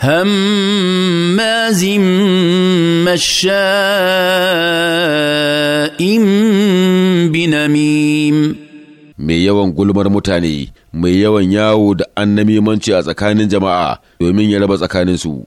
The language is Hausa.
هماز مشاء بنميم mai yawan gulmar mutane mai yawan yawo da annamimanci a tsakanin jama'a domin ya raba tsakaninsu